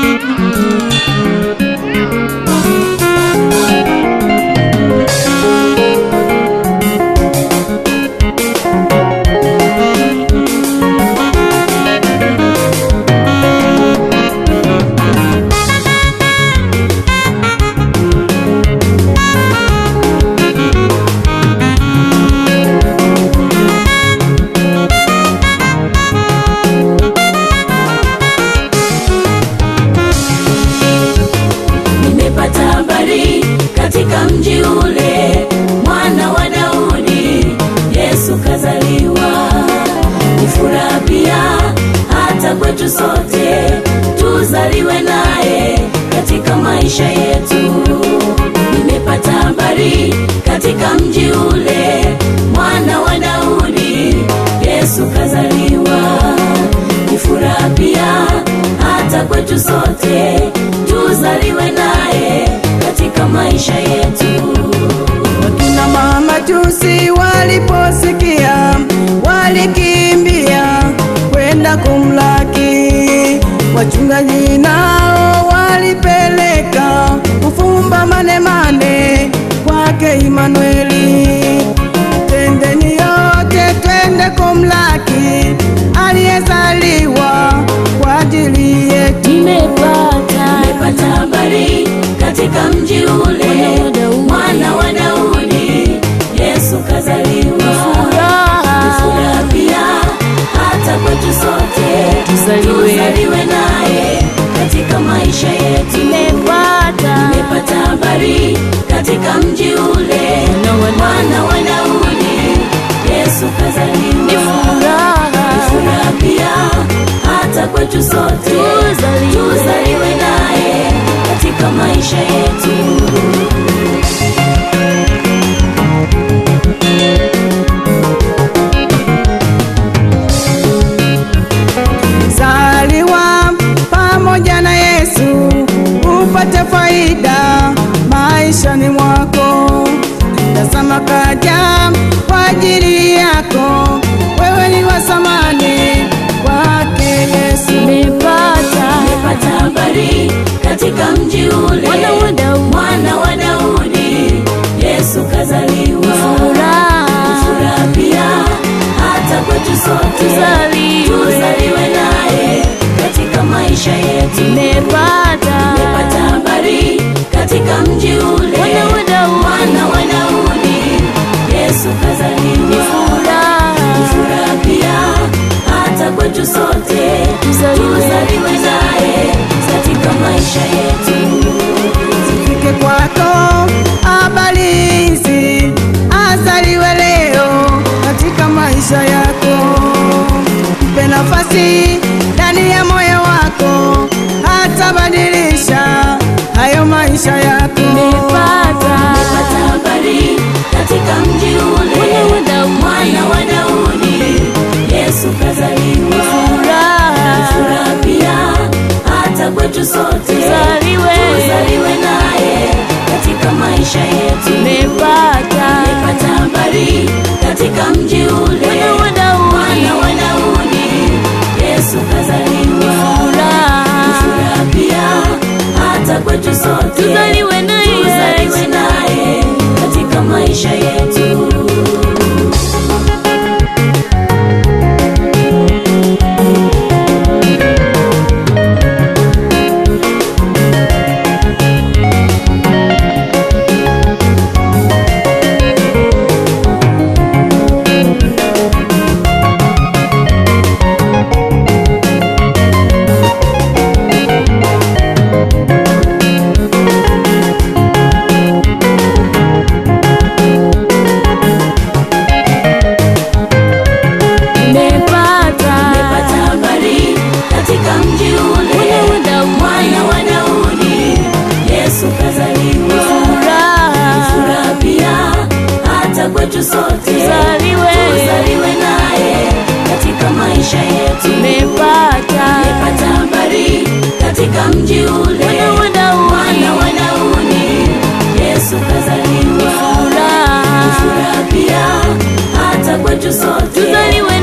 thank you shame. yake Imanueli, tendeni yote, twende kumlaki yetu sote tuzaliwe naye katika maisha yetu zaliwa pamoja na Yesu upate faida maishani mwako tazama kaja kwa ajili yako wewe ni wa katika mji ule, mwana wa Daudi Yesu kazaliwa. Furaha pia hata kwetu sote tuzaliwe naye katika maisha yetu. kuishi ndani ya moyo wako, hatabadilisha hayo maisha yako. Nilipata habari katika mji ule, mwana wa Daudi Yesu kazaliwa, furaha pia hata kwetu sote, tuzaliwe naye katika maisha yetu. Nilipata habari katika mji ule kwetu sote, tuzaliwe tuzaliwe naye katika maisha yetu. Tumepata habari katika mji ule Yesu hata sote.